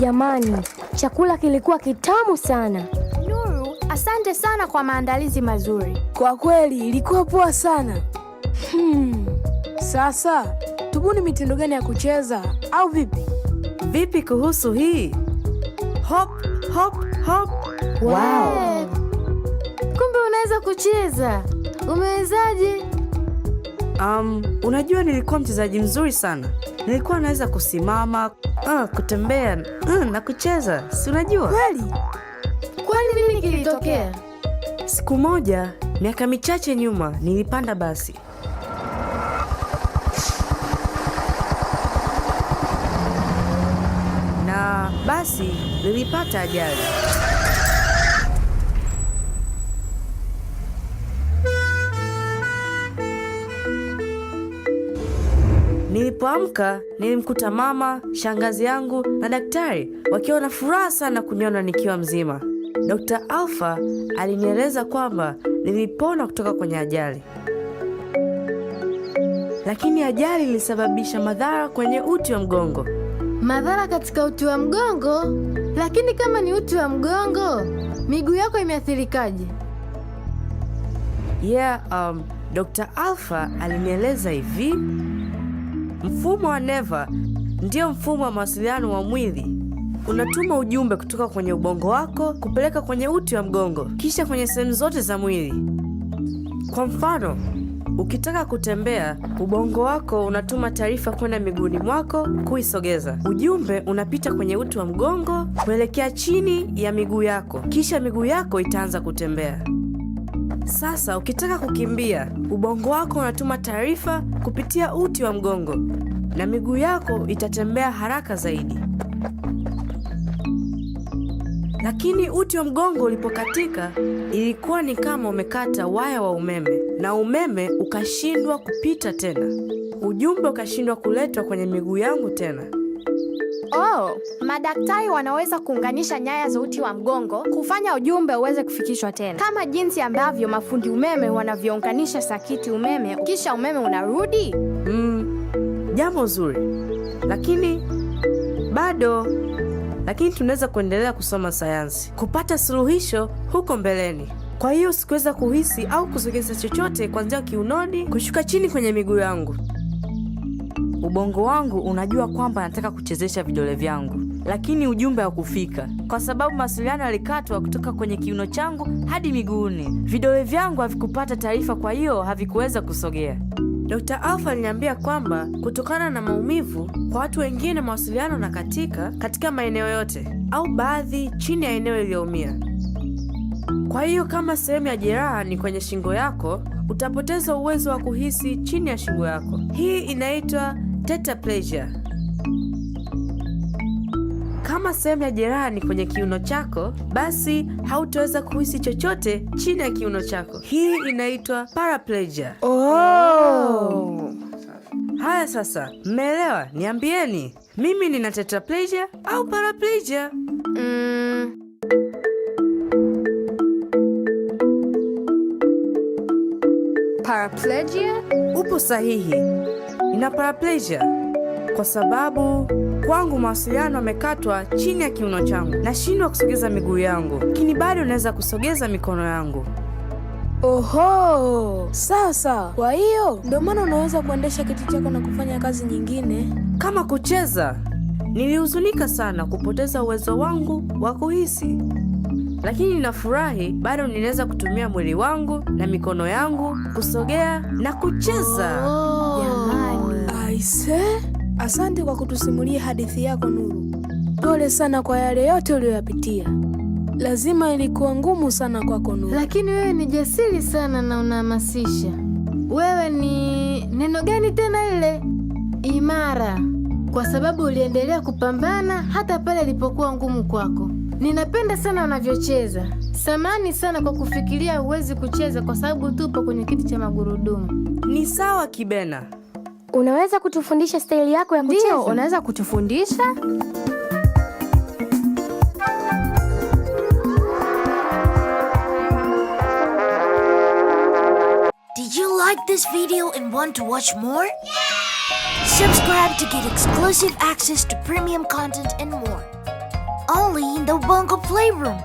Jamani, chakula kilikuwa kitamu sana. Nuru, asante sana kwa maandalizi mazuri. Kwa kweli ilikuwa poa sana. Hmm. Sasa tubuni mitindo gani ya kucheza au vipi? Vipi kuhusu hii hop hop hop? Wow. Wow. Eh, kumbe unaweza kucheza, umewezaje? Um, unajua nilikuwa mchezaji mzuri sana nilikuwa naweza kusimama, uh, kutembea uh, na kucheza, si unajua. Kweli kweli, nini kilitokea? Siku moja miaka michache nyuma, nilipanda basi na basi lilipata ajali. Nilipoamka nilimkuta mama, shangazi yangu na daktari wakiwa na furaha sana kuniona nikiwa mzima. Dr. alfa alinieleza kwamba nilipona kutoka kwenye ajali, lakini ajali ilisababisha madhara kwenye uti wa mgongo. Madhara katika uti wa mgongo? Lakini kama ni uti wa mgongo, miguu yako imeathirikaje? Yeah, um, Dr. Alfa alinieleza hivi Mfumo wa neva ndio mfumo wa mawasiliano wa mwili unatuma ujumbe kutoka kwenye ubongo wako kupeleka kwenye uti wa mgongo, kisha kwenye sehemu zote za mwili. Kwa mfano, ukitaka kutembea, ubongo wako unatuma taarifa kwenda miguuni mwako kuisogeza. Ujumbe unapita kwenye uti wa mgongo kuelekea chini ya miguu yako, kisha miguu yako itaanza kutembea. Sasa ukitaka kukimbia, ubongo wako unatuma taarifa kupitia uti wa mgongo na miguu yako itatembea haraka zaidi. Lakini uti wa mgongo ulipokatika, ilikuwa ni kama umekata waya wa umeme na umeme ukashindwa kupita tena. Ujumbe ukashindwa kuletwa kwenye miguu yangu tena. Oh, madaktari wanaweza kuunganisha nyaya za uti wa mgongo kufanya ujumbe uweze kufikishwa tena, kama jinsi ambavyo mafundi umeme wanavyounganisha sakiti umeme kisha umeme unarudi. Mm, jambo zuri, lakini bado lakini tunaweza kuendelea kusoma sayansi kupata suluhisho huko mbeleni. Kwa hiyo sikuweza kuhisi au kusogeza chochote kuanzia kiunoni kushuka chini kwenye miguu yangu. Ubongo wangu unajua kwamba nataka kuchezesha vidole vyangu, lakini ujumbe wa kufika kwa sababu mawasiliano yalikatwa kutoka kwenye kiuno changu hadi miguuni. Vidole vyangu havikupata taarifa, kwa hiyo havikuweza kusogea. Dr. Alpha aliniambia kwamba kutokana na maumivu, kwa watu wengine mawasiliano na katika katika maeneo yote au baadhi chini ya eneo iliyoumia. Kwa hiyo kama sehemu ya jeraha ni kwenye shingo yako, utapoteza uwezo wa kuhisi chini ya shingo yako. Hii inaitwa Teta Pleasure. Kama sehemu ya jeraha ni kwenye kiuno chako, basi hautaweza kuhisi chochote chini ya kiuno chako. Hii inaitwa paraplegia. Oh. Haya sasa, mmeelewa? Niambieni, mimi nina tetraplegia au paraplegia? Mm. Paraplegia, upo sahihi nina paraplegia kwa sababu kwangu mawasiliano amekatwa chini ya kiuno changu, nashindwa kusogeza miguu yangu, lakini bado naweza kusogeza mikono yangu. Oho, sasa Kwa hiyo ndio maana unaweza kuendesha kiti chako na kufanya kazi nyingine kama kucheza. Nilihuzunika sana kupoteza uwezo wangu wa kuhisi, lakini ninafurahi bado ninaweza kutumia mwili wangu na mikono yangu kusogea na kucheza. Oh, yeah. Aise, asante kwa kutusimulia hadithi yako Nuru. Pole sana kwa yale yote uliyoyapitia, lazima ilikuwa ngumu sana kwako Nuru, lakini wewe ni jasiri sana na unahamasisha. Wewe ni neno gani tena ile Imara, kwa sababu uliendelea kupambana hata pale ilipokuwa ngumu kwako. Ninapenda sana unavyocheza. Samani sana kwa kufikiria huwezi kucheza kwa sababu tupo kwenye kiti cha magurudumu. Ni sawa Kibena. Unaweza kutufundisha staili yako ya kucheza? Ndio, unaweza kutufundisha? Did you like this video and want to watch more? Yeah! Subscribe to get exclusive access to premium content and more. Only in the Bongo Playroom.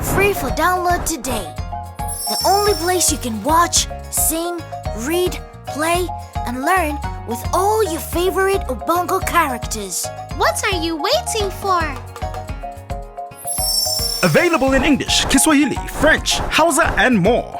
Free for download today. The only place you can watch, sing, read, play, and learn with all your favorite Ubongo characters. What are you waiting for? Available in English, Kiswahili, French, Hausa, and more.